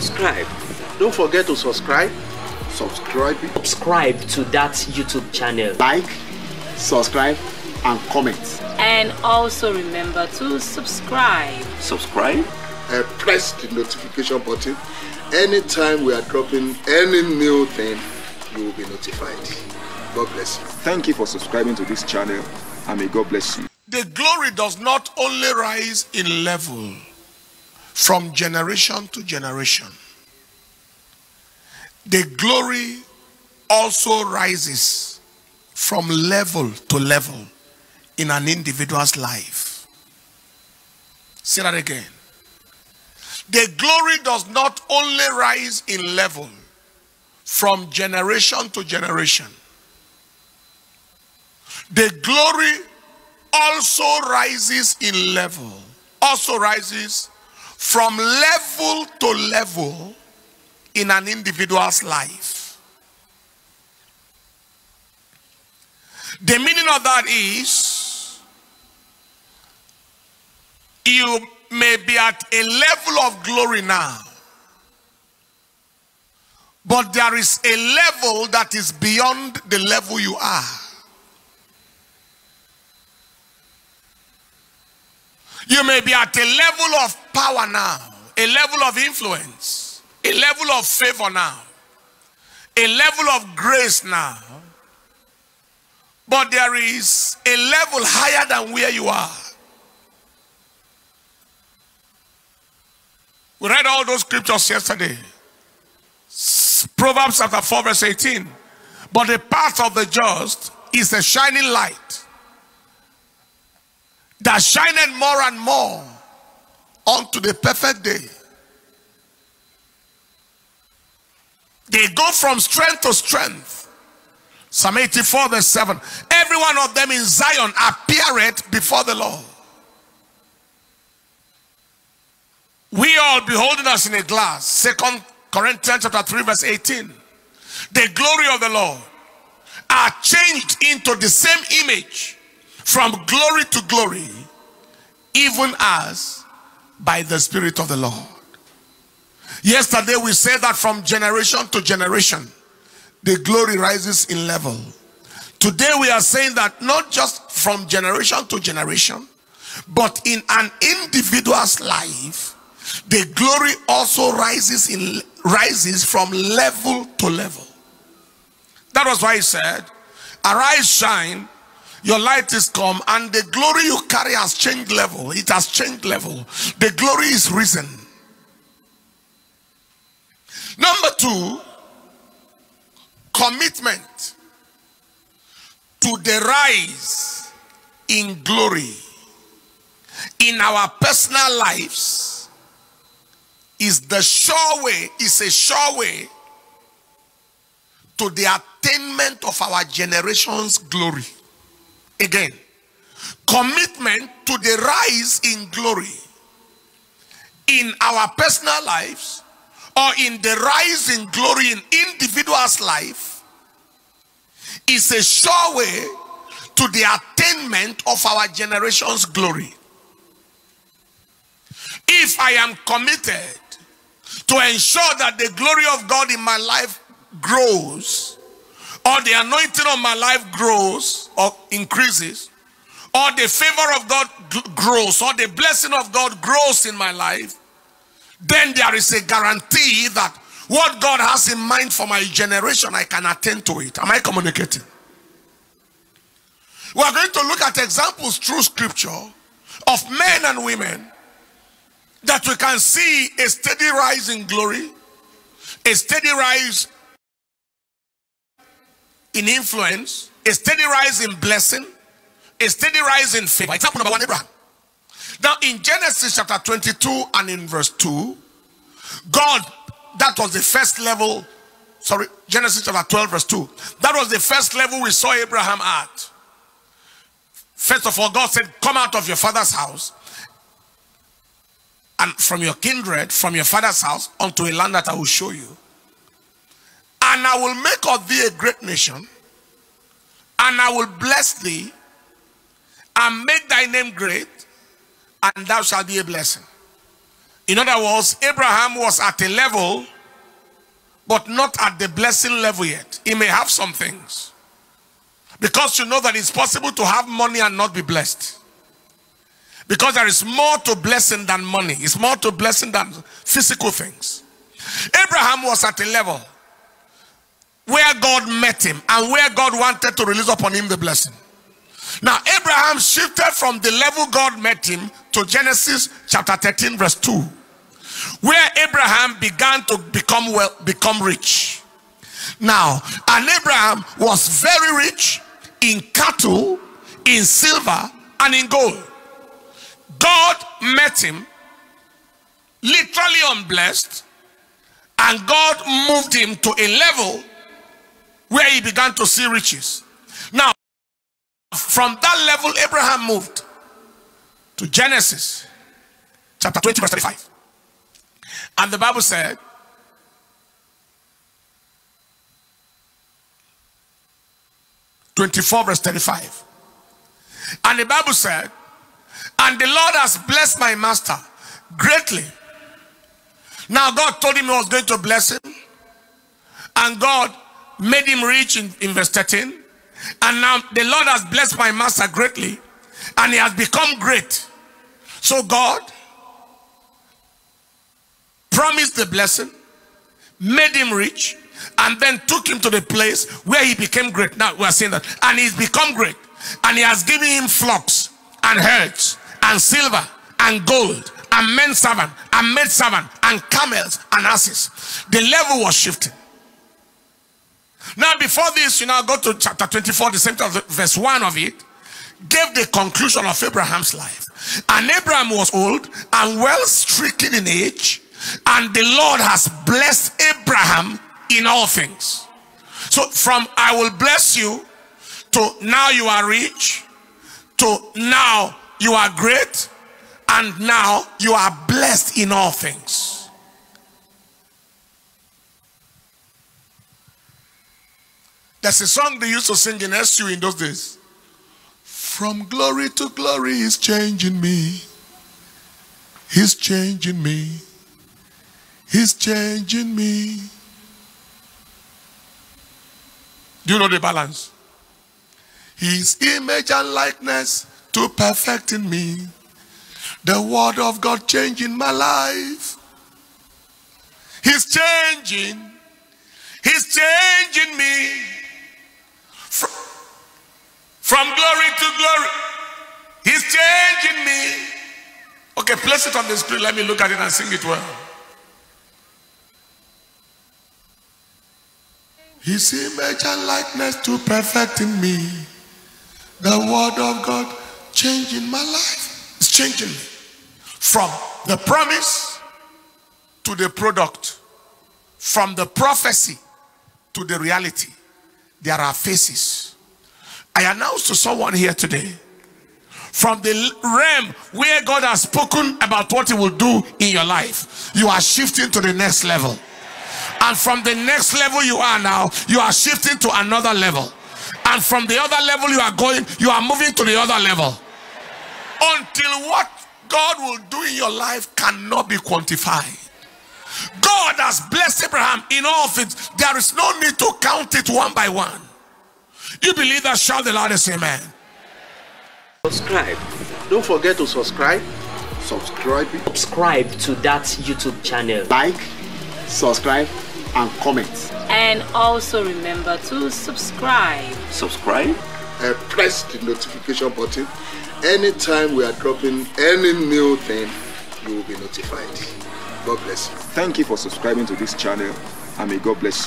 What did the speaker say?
Subscribe. Don't forget to subscribe. Subscribe. Subscribe to that YouTube channel. Like, subscribe, and comment. And also remember to subscribe. Subscribe. And press the notification button. Anytime we are dropping any new thing, you will be notified. God bless you. Thank you for subscribing to this channel and may God bless you. The glory does not only rise in level. from generation to generation. The glory also rises from level to level in an individual's life. Say that again. The glory does not only rise in level from generation to generation. The glory also rises in level, also rises from level to level in an individual's life. The meaning of that is you may be at a level of glory now, but there is a level that is beyond the level you are. You may be at a level of power now, a level of influence, a level of favor now, a level of grace now. But there is a level higher than where you are. We read all those scriptures yesterday. Proverbs chapter 4 verse 18. But the path of the just is a shining light that shineth more and more unto the perfect day. They go from strength to strength. Psalm 84 verse 7. Every one of them in Zion appeareth before the Lord. We all beholding us in a glass. Second Corinthians chapter 3 verse 18. The glory of the Lord are changed into the same image from glory to glory, even as by the Spirit of the Lord. Yesterday we said that from generation to generation, the glory rises in level. Today we are saying that not just from generation to generation, but in an individual's life, the glory also rises in rises from level to level. That was why he said, Arise, shine, your light is come, and the glory you carry has changed level. It has changed level. The glory is risen. Number two, commitment to the rise in glory in our personal lives is the sure way, is a sure way to the attainment of our generation's glory. Again, commitment to the rise in glory in our personal lives or in the rise in glory in individuals' life is a sure way to the attainment of our generation's glory. If I am committed to ensure that the glory of God in my life grows, or the anointing on my life grows or increases, or the favor of God grows, or the blessing of God grows in my life, then there is a guarantee that what God has in mind for my generation, I can attend to it. Am I communicating? We are going to look at examples through scripture of men and women that we can see a steady rise in glory, a steady rise in influence, a steady rise in blessing, a steady rise in favor. Example number one, Abraham. Now in Genesis chapter 22 and in verse 2, God, that was the first level, sorry, Genesis chapter 12 verse 2. That was the first level we saw Abraham at. First of all, God said, come out of your father's house and from your kindred, from your father's house, unto a land that I will show you. And I will make of thee a great nation, and I will bless thee, and make thy name great, and thou shalt be a blessing. In other words, Abraham was at a level, but not at the blessing level yet. He may have some things. Because you know that it's possible to have money and not be blessed. Because there is more to blessing than money. It's more to blessing than physical things. Abraham was at a level where God met him and where God wanted to release upon him the blessing. Now, Abraham shifted from the level God met him to Genesis chapter 13, verse 2, where Abraham began to become well, become rich. Now, and Abraham was very rich in cattle, in silver, and in gold. God met him literally unblessed, and God moved him to a level he began to see riches. Now, from that level, Abraham moved to Genesis chapter 20, verse 35. And the Bible said, Twenty-four, verse thirty-five, and the Bible said, "And the Lord has blessed my master greatly." Now God told him He was going to bless him, and God made him rich in, in verse 13. And now the Lord has blessed my master greatly, and he has become great. So God promised the blessing, made him rich, and then took him to the place where he became great. Now we are saying that. And he's become great. And he has given him flocks and herds and silver and gold and men servant and maid servant and camels and asses. The level was shifted. Now, before this, you now go to chapter 24, the same chapter, verse 1 of it, gave the conclusion of Abraham's life. And Abraham was old and well stricken in age, and the Lord has blessed Abraham in all things. So, from I will bless you to now you are rich, to now you are great, and now you are blessed in all things. There's a song they used to sing in SU in those days. From glory to glory, he's changing me. He's changing me. He's changing me. Do you know the balance? His image and likeness to perfecting me. The word of God changing my life. He's changing. He's changing me from glory to glory. He's changing me. Okay, place it on the screen. Let me look at it and sing it well. His image and likeness to perfecting me. The word of God changing my life. It's changing me. From the promise to the product. From the prophecy to the reality. There are faces I announced to someone here today from the realm where God has spoken about what He will do in your life, you are shifting to the next level. And from the next level you are now, you are shifting to another level. And from the other level you are going, you are moving to the other level. Until what God will do in your life cannot be quantified. God has blessed Abraham in all things. There is no need to count it one by one. You believe that? Shout the loudest amen. Subscribe. Don't forget to subscribe. Subscribe. Subscribe to that YouTube channel. Like, subscribe, and comment. And also remember to subscribe. Subscribe. And press the notification button. Anytime we are dropping any new thing, you will be notified. God bless you. Thank you for subscribing to this channel and may God bless you.